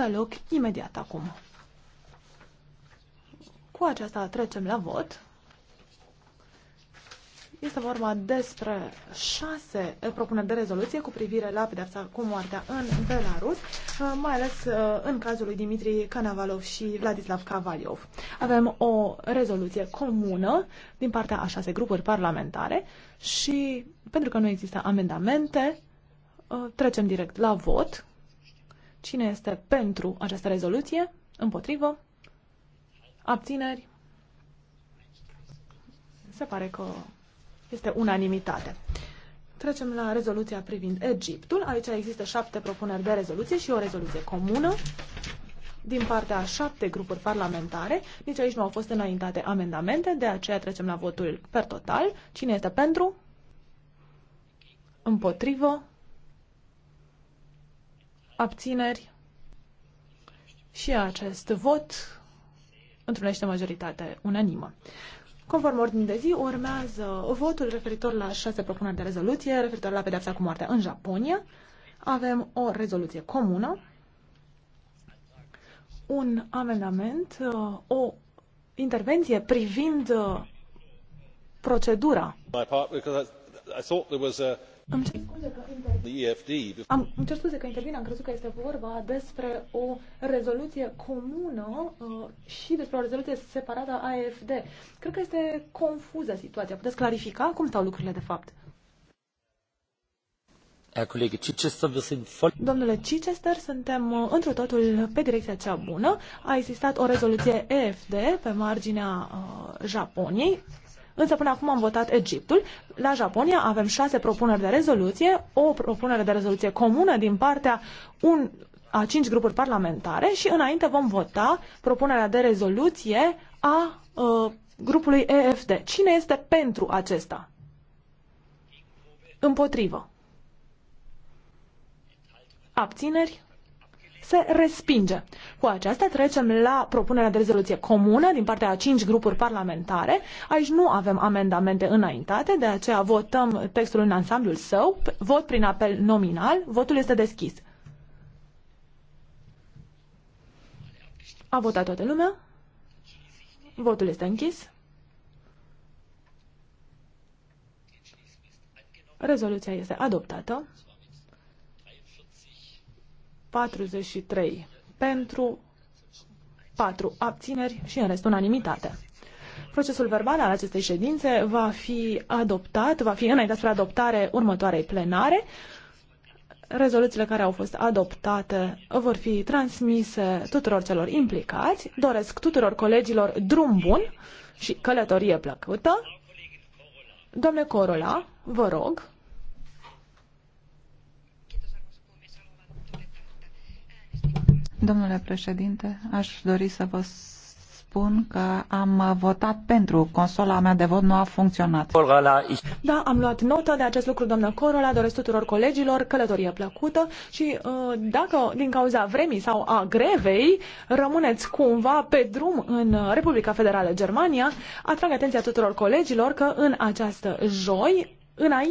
avea loc imediat acum. Cu aceasta trecem la vot. Este vorba despre șase propuneri de rezoluție cu privire la pedepsa cu moartea în Belarus, mai ales uh, în cazul lui Dimitri Canavalov și Vladislav Kavaliov. Avem o rezoluție comună din partea a șase grupuri parlamentare și pentru că nu există amendamente, uh, trecem direct la vot. Cine este pentru această rezoluție? Împotrivă? Abțineri? Se pare că este unanimitate. Trecem la rezoluția privind Egiptul. Aici există șapte propuneri de rezoluție și o rezoluție comună din partea a șapte grupuri parlamentare. Nici aici nu au fost înaintate amendamente, de aceea trecem la votul per total. Cine este pentru? Împotrivă? abțineri și acest vot întrunește majoritate unanimă. Conform ordinii de zi, urmează votul referitor la șase propuneri de rezoluție referitor la pedepsa cu moartea în Japonia. Avem o rezoluție comună, un amendament, uh, o intervenție privind uh, procedura. Îmi cer scuze că intervin. Am, că crezut că este vorba despre o rezoluție comună uh, și despre o rezoluție separată a AFD. Cred că este confuză situația. Puteți clarifica cum stau lucrurile de fapt? Domnule Chichester, suntem uh, într totul pe direcția cea bună. A existat o rezoluție EFD pe marginea uh, Japoniei. Însă până acum am votat Egiptul. La Japonia avem șase propuneri de rezoluție, o propunere de rezoluție comună din partea un, a cinci grupuri parlamentare și înainte vom vota propunerea de rezoluție a uh, grupului EFD. Cine este pentru acesta? Împotrivă. Abțineri? se respinge. Cu aceasta trecem la propunerea de rezoluție comună din partea a cinci grupuri parlamentare. Aici nu avem amendamente înaintate, de aceea votăm textul în ansamblul său, vot prin apel nominal, votul este deschis. A votat toată lumea? Votul este închis. Rezoluția este adoptată 43 pentru, 4 abțineri și în rest unanimitate. Procesul verbal al acestei ședințe va fi adoptat, va fi înaintat spre adoptare următoarei plenare. Rezoluțiile care au fost adoptate vor fi transmise tuturor celor implicați. Doresc tuturor colegilor drum bun și călătorie plăcută. Domnule Corola, vă rog, Domnule președinte, aș dori să vă spun că am votat pentru. Consola mea de vot nu a funcționat. Da, am luat notă de acest lucru, doamnă Corola. Doresc tuturor colegilor călătorie plăcută și uh, dacă din cauza vremii sau a grevei rămâneți cumva pe drum în Republica Federală Germania, atrag atenția tuturor colegilor că în această joi, înainte